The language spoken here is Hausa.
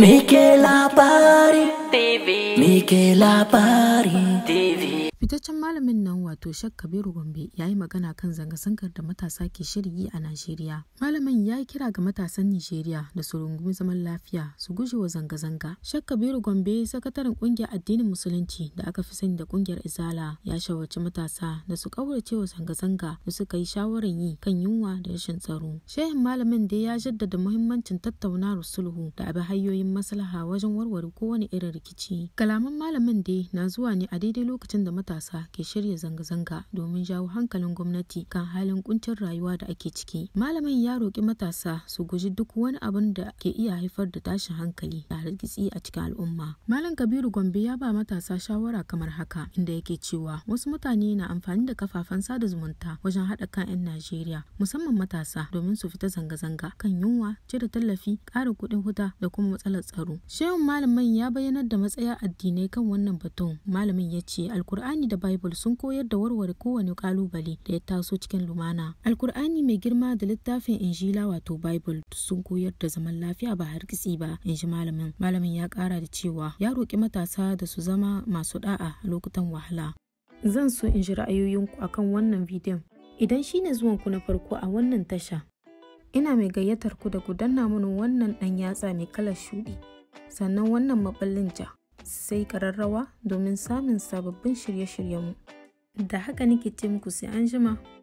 Mikela Pari TV Mikela Pari TV fitaccen malamin nan wato shak kabiru gombe ya yi magana kan zanga-zangar da matasa ke shirgi a najeriya malamin ya yi kira ga matasan nijeriya da su rungumi zaman lafiya su guje wa zanga-zanga shak kabiru gombe sakataren kungiyar addinin musulunci da aka fi sani da kungiyar izala ya shawarci matasa da su kaurace wa zanga-zanga da suka yi shawarar yi kan yunwa da rashin tsaro shehin malamin dai ya jaddada muhimmancin tattaunawar sulhu da abin hanyoyin maslaha wajen warware kowane irin rikici kalaman malamin dai na zuwa ne a daidai lokacin da matasa matasa ke shirya zanga-zanga domin jawo hankalin gwamnati kan halin kuncin rayuwa da ake ciki. Malamin ya roƙi matasa su guji duk wani abin da ke iya haifar da tashin hankali da hargitsi a cikin al'umma. Malam Kabiru Gombe ya ba matasa shawara kamar haka inda yake cewa wasu mutane na amfani da kafafen sada zumunta wajen haɗa kan 'yan Najeriya musamman matasa domin su fita zanga-zanga kan yunwa, cire tallafi, ƙara kuɗin huta da kuma matsalar tsaro. Shehun malamin ya bayyanar da matsaya addinai kan wannan batun. Malamin ya ce Alkur'ani Alkur'ani da Bible sun koyar da warware kowane kalubale da ya taso cikin lumana. Alkur'ani mai girma da littafin Injila wato Bible sun koyar da zaman lafiya ba har kitsi ba, in ji malamin. Malamin ya kara da cewa ya roki matasa da su zama masu da'a a lokutan wahala. Zan so in ji ra'ayoyinku akan wannan bidiyon. Idan shine zuwanku na farko a wannan tasha, ina mai gayyatar ku da ku danna mana wannan ɗan yatsa mai kalar shudi sannan wannan maballin ja sai ƙararrawa domin samun sababbin shirye-shiryenmu. Da haka nake ce muku sai an jima.